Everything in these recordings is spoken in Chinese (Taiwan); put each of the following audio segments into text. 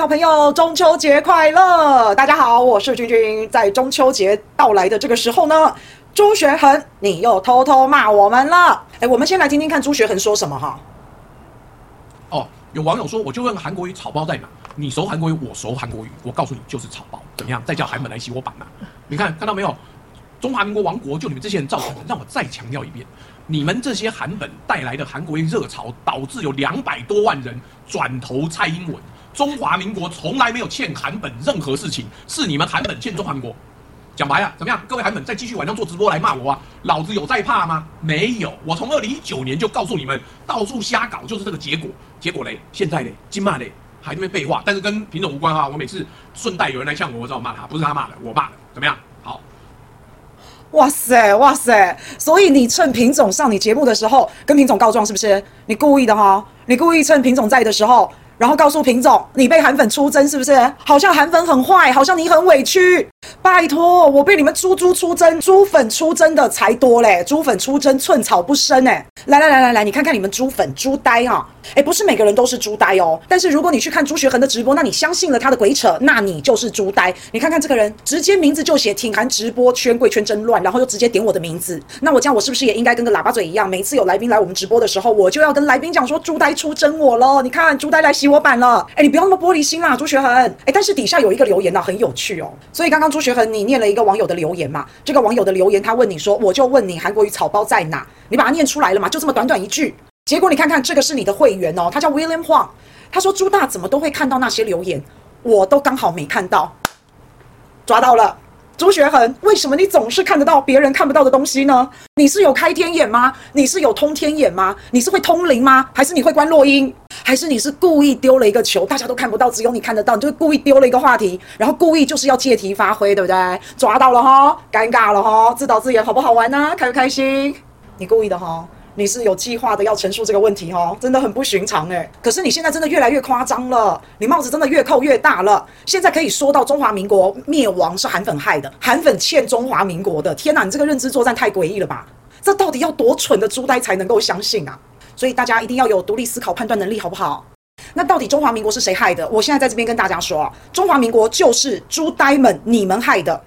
好朋友，中秋節快樂！大家好，我是君君。在中秋節到來的這個時候呢，朱學恆，你又偷偷罵我們了。誒、欸，我們先來聽聽看朱學恆說什麼哈。哦，有網友說，我就問韓國瑜草包在哪？你熟韓國瑜，我熟韓國瑜，我告訴你就是草包。怎麼樣？再叫韓本來洗我板吶、啊？你看看到沒有？中華民國亡國就你們這些人造成的。 讓我再強調一遍，你們這些韓本帶來的韓國瑜熱潮，導致有兩百多萬人轉投蔡英文。中華民國從來沒有欠韓本任何事情，是你們韓本欠中華民國。講白了啊，怎麼樣？各位韓本再繼續晚上做直播來罵我啊？老子有在怕嗎？沒有，我從二零一九年就告訴你們，到處瞎搞就是這個結果。結果嘞，現在嘞，金罵嘞還在這邊廢話，但是跟品種無關哈。我每次順帶有人來嗆我，我只好罵他，不是他罵的，我罵的。怎麼樣？好。哇塞，哇塞，所以你趁品種上你節目的時候跟品種告狀是不是？你故意的哈，你故意趁品種在的時候。然後告訴品總，你被韓粉出征是不是？好像韓粉很壞，好像你很委屈。拜託，我被你們豬豬出征，豬粉出征的才多嘞！豬粉出征寸草不生誒、欸。來來來來來，你看看你們豬粉豬呆哈、啊！哎、欸，不是每個人都是豬呆哦、喔。但是如果你去看朱學恆的直播，那你相信了他的鬼扯，那你就是豬呆。你看看這個人，直接名字就寫“挺韓直播圈貴圈真亂”，然後又直接點我的名字，那我這樣我是不是也應該跟個喇叭嘴一樣？每次有來賓來我們直播的時候，我就要跟來賓講說：“豬呆出征我嘍，你看豬呆來洗我版了。欸”哎，你不要那麼玻璃心啦，朱學恆。哎、欸，但是底下有一個留言呢、啊，很有趣哦、喔。所以剛剛朱學。學恆，你念了一個網友的留言嘛？這個網友的留言，他問你說：“我就問你，韓國瑜草包在哪？”你把它念出來了嘛？就這麼短短一句。結果你看看，這個是你的會員哦，他叫 William Huang，他說：“朱大怎麼都會看到那些留言，我都剛好沒看到。”抓到了，朱學恆，為什麼你總是看得到別人看不到的東西呢？你是有開天眼嗎？你是有通天眼嗎？你是會通靈嗎？還是你會觀落陰？還是你是故意丟了一個球，大家都看不到，只有你看得到，你就會故意丟了一個話題，然後故意就是要借題發揮，對不對？抓到了哈，尷尬了哈，自導自演好不好玩呢、啊？開不開心？你故意的哈，你是有計劃的要陳述這個問題哈，真的很不尋常誒、欸。可是你現在真的越來越誇張了，你帽子真的越扣越大了。現在可以說到中華民國滅亡是韓粉害的，韓粉欠中華民國的。天哪，你這個認知作戰太詭異了吧？這到底要多蠢的豬呆才能夠相信啊？所以大家一定要有獨立思考判斷能力，好不好？那到底中華民國是誰害的？我現在在這邊跟大家說，中華民國就是朱呆們你們害的。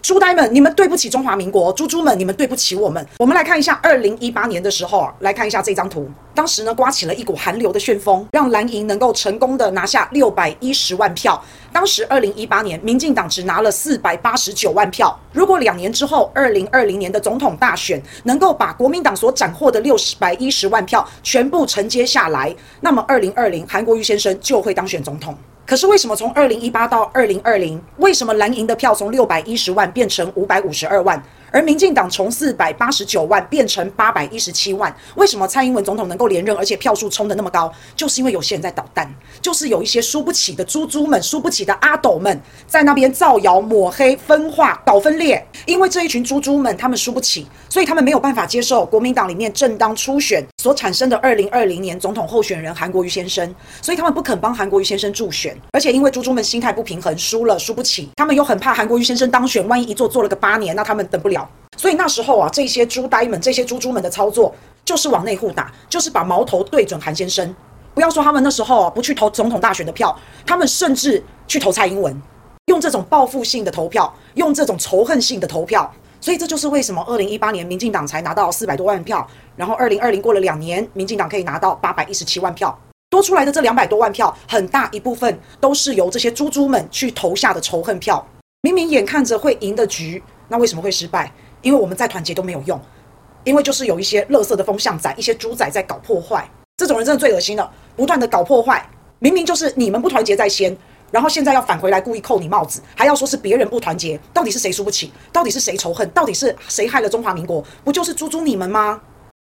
朱呆們，你們對不起中華民國；朱朱們，你們對不起我們。我們來看一下二零一八年的時候，來看一下這張圖。當時呢，颳起了一股韓流的旋風，讓藍營能夠成功的拿下六百一十萬票。當時二零一八年，民進黨只拿了四百八十九萬票。如果兩年之後，二零二零年的總統大選能夠把國民黨所斬獲的六百一十萬票全部承接下來，那麼二零二零韓國瑜先生就會當選總統。可是為什麼從二零一八到二零二零，為什麼藍營的票從六百一十萬變成五百五十二萬？而民進黨從四百八十九萬變成八百一十七萬，為什麼蔡英文總統能夠連任，而且票數衝得那麼高？就是因為有些人在搗蛋，就是有一些輸不起的豬豬們、輸不起的阿斗們，在那邊造謠、抹黑、分化、搞分裂。因為這一群豬豬們，他們輸不起，所以他們沒有辦法接受國民黨裡面正當初選所產生的二零二零年總統候選人韓國瑜先生，所以他們不肯幫韓國瑜先生助選。而且因為豬豬們心態不平衡，輸了輸不起，他們又很怕韓國瑜先生當選，萬一一做做了個八年，那他們等不了。所以那時候啊，這些豬呆們、這些豬豬們的操作，就是往內互打，就是把矛頭對準韓先生。不要說他們那時候不去投總統大選的票，他們甚至去投蔡英文，用這種報復性的投票，用這種仇恨性的投票。所以這就是為什麼二零一八年民進黨才拿到四百多萬票，然後二零二零過了兩年，民進黨可以拿到八百一十七萬票，多出來的這兩百多萬票，很大一部分都是由這些豬豬們去投下的仇恨票。明明眼看着會贏的局。那為什麼會失敗？因為我們再團結都沒有用，因為就是有一些樂色的風向仔、一些豬仔在搞破壞，這種人真的最惡心了，不斷的搞破壞。明明就是你們不團結在先，然後現在要返回來故意扣你帽子，還要說是別人不團結。到底是誰輸不起？到底是誰仇恨？到底是誰害了中華民國？不就是豬豬你們嗎？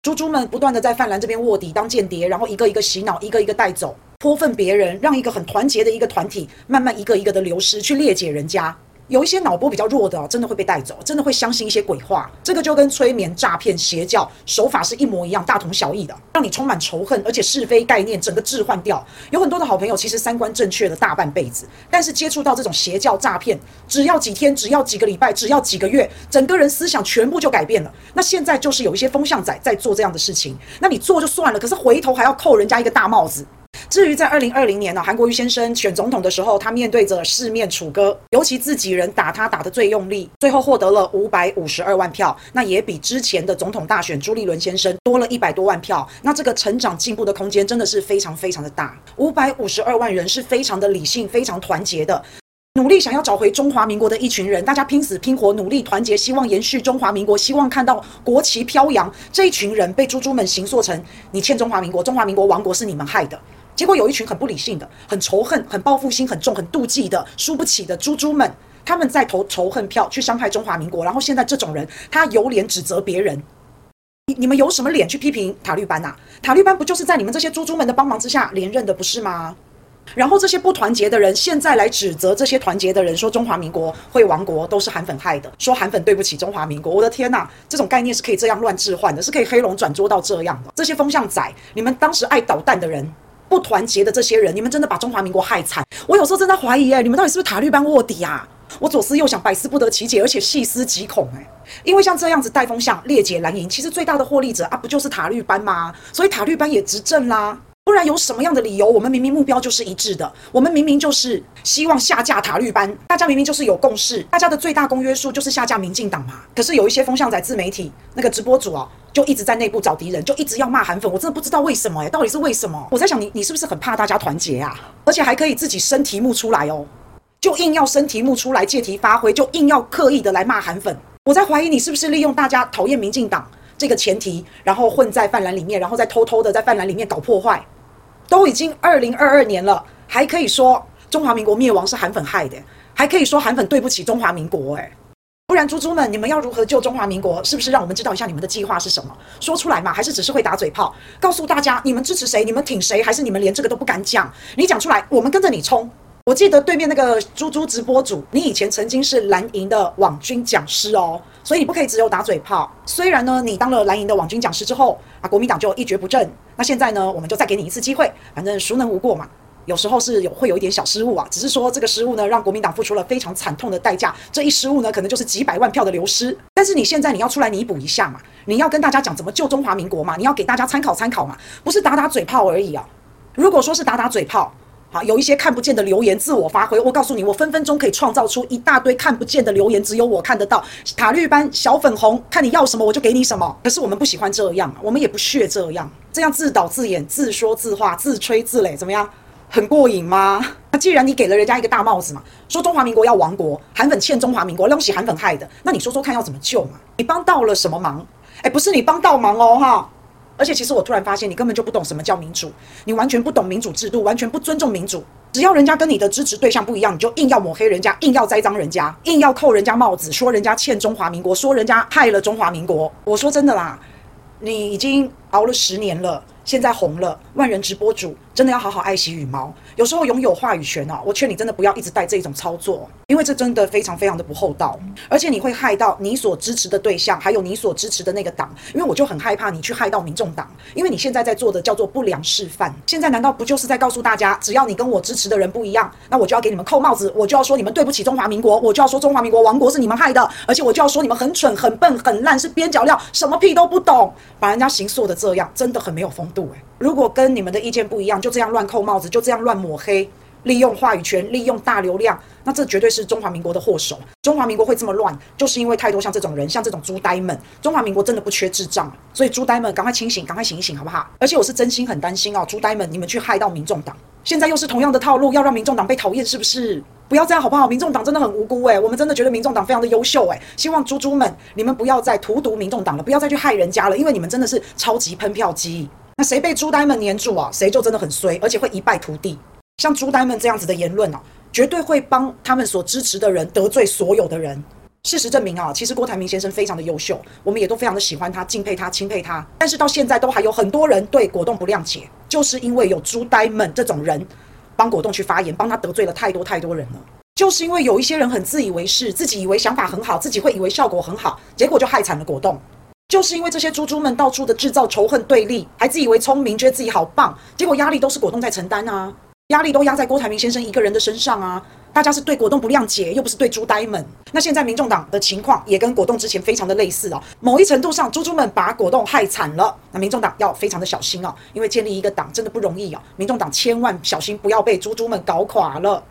豬豬們不斷的在泛藍這邊臥底當間諜，然後一個一個洗腦，一個一個帶走，潑糞別人，讓一個很團結的一個團體慢慢一個一個的流失，去裂解人家。有一些腦波比較弱的，真的會被帶走，真的會相信一些鬼話。這個就跟催眠、詐騙、邪教手法是一模一樣，大同小異的，讓你充滿仇恨，而且是非概念整個置換掉。有很多的好朋友，其實三觀正確了大半輩子，但是接觸到這種邪教、詐騙，只要幾天，只要幾個禮拜，只要幾個月，整個人思想全部就改變了。那現在就是有一些風向仔在做這樣的事情，那你做就算了，可是回頭還要扣人家一個大帽子。至於在二零二零年呢、啊，韓國瑜先生選總統的時候，他面對着四面楚歌，尤其自己人打他打得最用力，最後獲得了五百五十二萬票，那也比之前的總統大選朱立倫先生多了一百多萬票。那這個成長進步的空間真的是非常非常的大。五百五十二萬人是非常的理性、非常團結的努力，想要找回中華民國的一群人，大家拼死拼活努力團結，希望延續中華民國，希望看到國旗飄揚。這一群人被豬豬們形塑成“你欠中華民國，中華民國亡國是你們害的”。結果有一群很不理性的，很仇恨、很報復心很重、很妒忌的、輸不起的豬豬們，他們在投仇恨票去傷害中華民國。然後現在這種人，他有臉指責別人？你你們有什麼臉去批評塔綠班吶、啊？塔綠班不就是在你們這些豬豬們的幫忙之下連任的，不是嗎？然後這些不團結的人，現在來指責這些團結的人，說中華民國會亡國都是韓粉害的，說韓粉對不起中華民國。我的天吶、啊，這種概念是可以這樣亂置換的，是可以黑龍轉桌到這樣的。的這些風向仔，你們當時愛搗蛋的人。不團結的這些人，你們真的把中華民國害慘！我有時候真的懷疑、欸，誒，你們到底是不是塔綠班臥底啊？我左思右想，百思不得其解，而且細思極恐、欸，誒，因為像這樣子帶風向，裂解藍營，其實最大的獲利者啊，不就是塔綠班嗎？所以塔綠班也執政啦，不然有什麼樣的理由？我們明明目標就是一致的，我們明明就是希望下架塔綠班，大家明明就是有共識，大家的最大公約數就是下架民進黨嘛。可是有一些風向仔自媒體那個直播主哦、啊。就一直在內部找敵人，就一直要罵韓粉，我真的不知道為什麼欸，到底是為什麼？我在想你，你是不是很怕大家團結啊？而且還可以自己生題目出來哦，就硬要生題目出來，借題發揮，就硬要刻意的來罵韓粉。我在懷疑你是不是利用大家討厭民進黨這個前提，然後混在泛藍裡面，然後再偷偷的在泛藍裡面搞破壞。都已經二零二二年了，還可以說中華民國滅亡是韓粉害的，還可以說韓粉對不起中華民國欸。不然，豬豬們，你們要如何救中華民國？是不是讓我們知道一下你們的計劃是什麼？說出來嘛，還是只是會打嘴炮？告訴大家，你們支持誰，你們挺誰，還是你們連這個都不敢講？你講出來，我們跟着你衝。我記得對面那個豬豬直播主，你以前曾經是藍營的網軍講師哦，所以你不可以只有打嘴炮。雖然呢，你當了藍營的網軍講師之後啊，國民黨就一蹶不振。那現在呢，我們就再給你一次機會，反正孰能無過嘛。有時候是有會有一點小失誤啊，只是說這個失誤呢，讓國民黨付出了非常慘痛的代價。這一失誤呢，可能就是幾百萬票的流失。但是你現在你要出來彌補一下嘛，你要跟大家講怎麼救中華民國嘛，你要給大家參考參考嘛，不是打打嘴炮而已啊。如果說是打打嘴炮，好，有一些看不見的留言自我發揮，我告訴你，我分分鐘可以創造出一大堆看不見的留言，只有我看得到。塔綠班小粉紅，看你要什麼我就給你什麼。可是我們不喜歡這樣，我們也不屑這樣，這樣自導自演、自說自話、自吹自擂，怎麼樣？很過癮嗎？那既然你給了人家一個大帽子嘛，說中華民國要亡國，韓粉欠中華民國，那都是韓粉害的。那你說說看，要怎麼救嘛？你幫到了什麼忙？哎、欸，不是你幫倒忙哦哈！而且其實我突然發現，你根本就不懂什麼叫民主，你完全不懂民主制度，完全不尊重民主。只要人家跟你的支持對象不一樣，你就硬要抹黑人家，硬要栽贓人家，硬要扣人家帽子，說人家欠中華民國，說人家害了中華民國。我說真的啦，你已經，熬了十年了，現在紅了，萬人直播主真的要好好愛惜羽毛。有時候擁有話語權哦、啊，我勸你真的不要一直帶這種操作，因為這真的非常非常的不厚道，而且你會害到你所支持的對象，還有你所支持的那個黨。因為我就很害怕你去害到民眾黨，因為你現在在做的叫做不良示範。現在難道不就是在告訴大家，只要你跟我支持的人不一樣，那我就要給你們扣帽子，我就要說你們對不起中華民國，我就要說中華民國亡國是你們害的，而且我就要說你們很蠢、很笨、很爛，是邊角料，什麼屁都不懂，把人家形塑的。這樣真的很沒有風度欸，如果跟你們的意見不一樣，就這樣亂扣帽子，就這樣亂抹黑。利用話語權，利用大流量，那這絕對是中華民國的禍首。中華民國會這麼亂，就是因為太多像這種人，像這種朱呆們。中華民國真的不缺智障，所以朱呆們趕快清醒，趕快醒一醒，好不好？而且我是真心很擔心哦，朱呆們，你們去害到民眾黨，現在又是同樣的套路，要讓民眾黨被討厭，是不是？不要這樣，好不好？民眾黨真的很無辜欸，我們真的覺得民眾黨非常的優秀欸。希望朱朱們，你們不要再荼毒民眾黨了，不要再去害人家了，因為你們真的是超級噴票機。那誰被朱呆們黏住啊？誰就真的很衰，而且會一敗塗地。像朱呆們這樣子的言論哦、啊，絕對會幫他們所支持的人得罪所有的人。事實證明啊，其實郭台銘先生非常的優秀，我們也都非常的喜歡他、敬佩他、欽佩他。但是到現在都還有很多人對果凍不諒解，就是因為有朱呆們這種人幫果凍去發言，幫他得罪了太多太多人了。就是因為有一些人很自以為是，自己以為想法很好，自己會以為效果很好，結果就害慘了果凍。就是因為這些豬豬們到處的制造仇恨對立，還自以為聰明，覺得自己好棒，結果壓力都是果凍在承擔啊。壓力都壓在郭台銘先生一個人的身上啊！大家是對果凍不諒解，又不是對豬呆們。那現在民眾黨的情況也跟果凍之前非常的類似啊、哦。某一程度上，豬豬們把果凍害慘了。那民眾黨要非常的小心哦，因為建立一個黨真的不容易哦。民眾黨千萬小心，不要被豬豬們搞垮了。